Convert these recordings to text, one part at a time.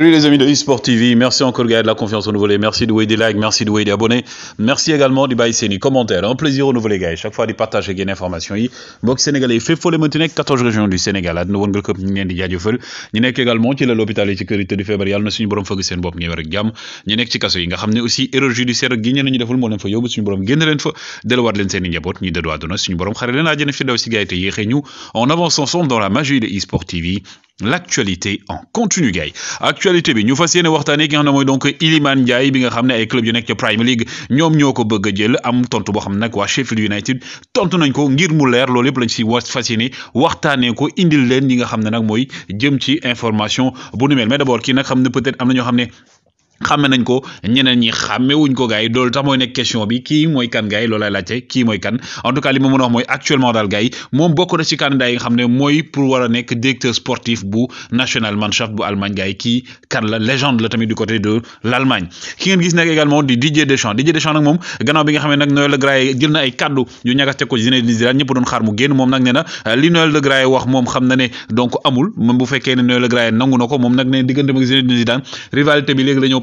Salut les amis de eSport TV, merci encore gars de la confiance renouvelée, merci de des likes, merci de des abonnés, merci également de baisser les commentaires, un plaisir renouvelé gars, chaque fois de partager des information yi, bok sénégalais fait fo le maintenant 14 e régions du Sénégal, ak ñu won nga ko ñu leen di jaajeufal, ñu nekk également ci la l'hôpital ci kër tëdd feebar yàlla na suñu borom fëgg seen bopp ñu wër ak jàmm, ñu nekk ci kaso yi nga xam aussi erreur judiciaire gi ñen ñu deful moo leen fa yóbbu suñu borom génn leen fa delluwaat leen seen i njaboot ñu delluwaat na suñu borom xare leen àjjana fi daw si gaay te yéexee ñu en avance ensemble dans la magie de eSport TV l'actualité en continu gars actualité bi ñu fas waxtane ki nga xam donc Iliman Ndiaye bi nga xam ay club yu nek ci Prime League ñom ñoko bëgg jël am tontu bo xam ne Sheffield United tontu nañ ko ngir mu leer loolu lañ si wa fas yéene ko indil leen yi nga xam nak moy jëm ci information bu ñu mel mais d'abord ki nak xam peut-être am na ñoo xàmme nañ ko ñeneen ñi xàmme wuñ ko gars yi tax mooy nekk question bi kii mooy kan gars yi laajte kii mooy kan en tout cas li ma mën a wax moom nag moom li Noël Le Graët wax moom xam na ne donc amul même bu fekkee ne Noël Le Graët nangu na ko moom nag ne diggante ak Zinedine Zidane rivalité bi léegi la ñëw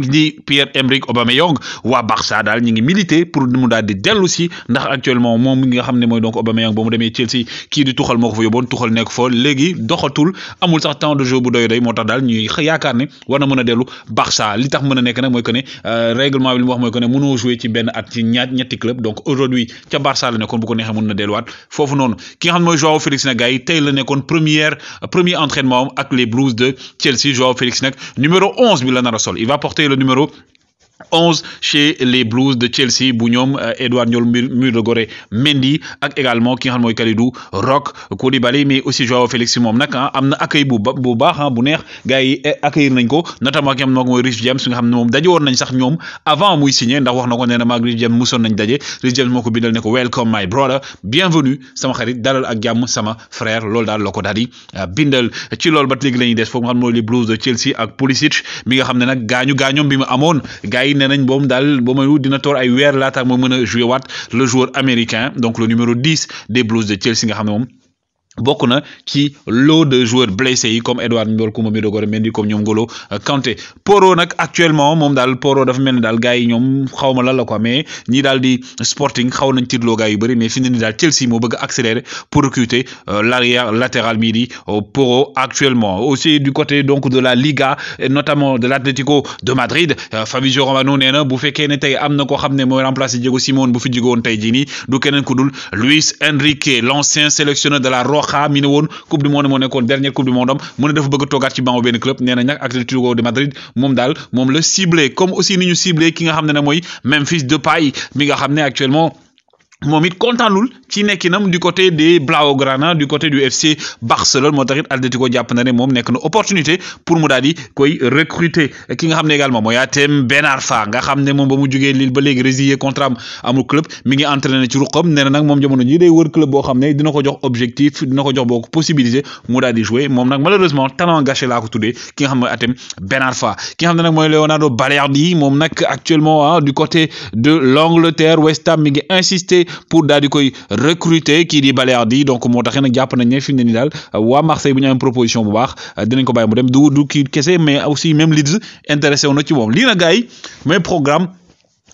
di Pierre-Emerick Aubameyang wa Barça dal ñi ngi militer pour mu dal di dellu ci ndax actuellement moom mi nga xamné moy donc Aubameyang bamu démé Chelsea ki di Tuchel moo fa yóbboon Tuchel nek fa légui doxatul amul sax temps de jeu bu doy doy moo tax daal ñuy yaakaar ne wana mëna mën dellu Barça li tax mëna nek nak moy que né euh, règlement bi li mu wax moy que né mëno jouer ci ben at ci ñaat ñetti club donc aujourd'hui ci Barça la nekkoon bu ko nexé mëna na delluwaat foofu noonu ki nga xamné moy mooy Joao Félix nag gay tay tey la nekkoon première premier entraînement ak les Blues de Chelsea Joao Félix nak numéro 11 bi la nar a sol il va porter le numéro 11 chez les Blues de Chelsea bu euh, Edouard Ndiol mur Mendy ak également ki nga xam mooy Kalidou Rock Koulibaly mais aussi joueur Félix moom nag ah am na accueil bu bu baax ah bu neex gars yi eh, accueillir nañ ko notamment ki nga xam ne Rich James nga xam ne moom daje nañ sax avant muy signé ndax wax na ko nee na Rich James mosoon nañ daje Rich James moo bindal ne welcome my brother bienvenue sama xarit dalal ak jàmm sama frère loolu Lokodari, la ko daal di ah, bindal ci ba des foofu xam les Blues de Chelsea ak Pulisic mi nga xam ne nag gaañu gaañoom yi bom dal moom daal ba dina toor ay weer latak mo meuna jouer wat le joueur américain donc le numéro 10 des Blues de Chelsea nga xamné mom bokuna ci lot de joueurs blessés yi comme Edouard Ndiol Koumba Midogore Mendy comme ñoom Ngolo euh, Kanté Poro nak actuellement mom dal Poro dafa melni dal daal gars yi ñoom xaw lan la quoi mais ñi dal di Sporting xaw nañ lo gaay yu bari mais fini ni dal Chelsea mo bëgg accélérer pour recruter euh, l'arrière latéral midi euh, Poro actuellement aussi du côté donc de la Liga et notamment de l'Atlético de Madrid Fabio Romano nee bu fekkee ne tay amna ko xamné moy remplacer Diego Simeone bu fi jóge woon tey du kenen ku dul Luis Enrique l'ancien sélectionneur de la xamine won coupe du monde dernière coupe du monde mo ne dafa bëgg ci le club de Madrid mom dal mom le ciblé comme aussi niñu ciblé ki nga xamné Memphis Depay mi nga actuellement momit it kontaanul ci nekkinam du côté des Blaugrana du côté du FC Barcelone moo tax japp na né mom nek na opportunité pour mu daal koy recruter ki nga xamné également moy Hatem Ben Arfa nga xamné mom moom ba mu jógee Lille ba légui résilier contrat amul club mi ngi entraîné ci ruqam né nak mom moom jamono ji day wër club bo xamné ne dina ko jox objectif dina ko jox boo possibilité mu daal jouer mom nak malheureusement talent gâché laa ko tuddee ki nga xamné ne mooy Ben Arfa ki nga xam ne nag Leonardo Balerdi mom nak actuellement ah, du côté de l'Angleterre West Ham mi ngi insister pour daal koy recruter ki di Balerdi donc moo taxee nag jàpp nañ ne fi mu ne nii euh, Marseille bu ñu am proposition bu baax euh, dinañ ko bàyyi mu dem du du kii mais aussi même Leeds intéressé wona ci moom li na gars mais programme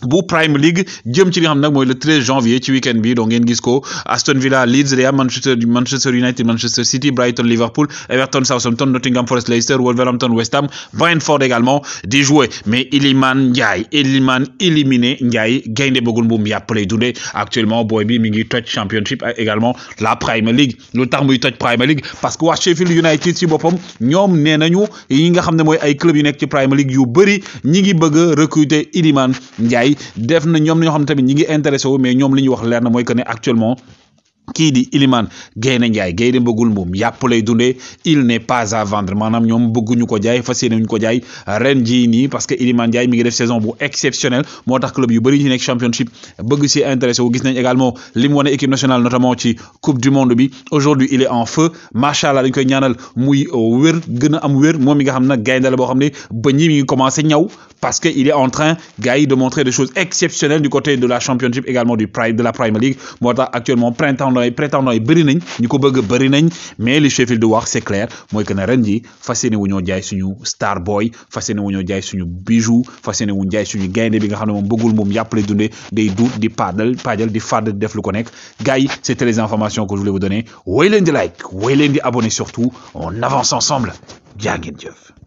bu prime league jëm ci nga xam nag mooy le 13 janvier ci weekend bi donc ngeen gis ko Aston Villa Leeds Real Manchester Manchester United Manchester City Brighton Liverpool Everton Southampton Nottingham Forest Leicester Wolverhampton West Ham Brentford également di jouer mais Iliman Ndiaye Iliman éliminé Ndiaye gaynde bëggul mbuum yàpp lay dundee actuellement boy bi mi ngi toj championship également la prime league lu tax muy toj prime league parce que waa Sheffield United ci boppam ñoom nee nañu yi nga xam ne mooy ay club yu nekk ci prime league yu bëri ñi ngi bëgg recruter Iliman Ndiaye yi def na ñom ñoo xam tamit ñi ngi intéressé wu mais ñom li wax lérna moy que né actuellement. kii di Iliman Gaynde Njaay gaynde mbëggul moom yàpp lay dundé il n'est pas à vendre manam ñom bëgguñu ko jaay fas yéene ko jaay ren jii nii parce que Iliman Njaay mi ngi def saison bu exceptionnelle motax club yu bari ñi nekk championship bëgg ci intéressé wu gis nañ également li mu équipe nationale notamment ci coupe du monde bi aujourd'hui il est en feu machallah dañ koy ñaanal muy wër gëna am wër moom mi nga xam nag gaynde la boo xam ba ñi mi ngi commencé ñaw parce qu'il est en train, Gaï, de montrer des choses exceptionnelles du côté de la Championship, également du Pride, de la Premier League. Moi, actuellement, prétendant et prétendant et bëri nañ ñu ko bëgg bëri nañ mais li Sheffield wax c'est clair Moi, que suis dit, ji fas yéene wu jaay suñu star boy fas yéene wu un jaay suñu bijou fas yéene wuñu jaay suñu gaynde bi nga xam ne moom bëggul moom des doutes, day duut des paadal des di fàdd des def des c'était les informations que je voulais vous donner woy di like woy leen di surtout on avance ensemble jaa Dieu.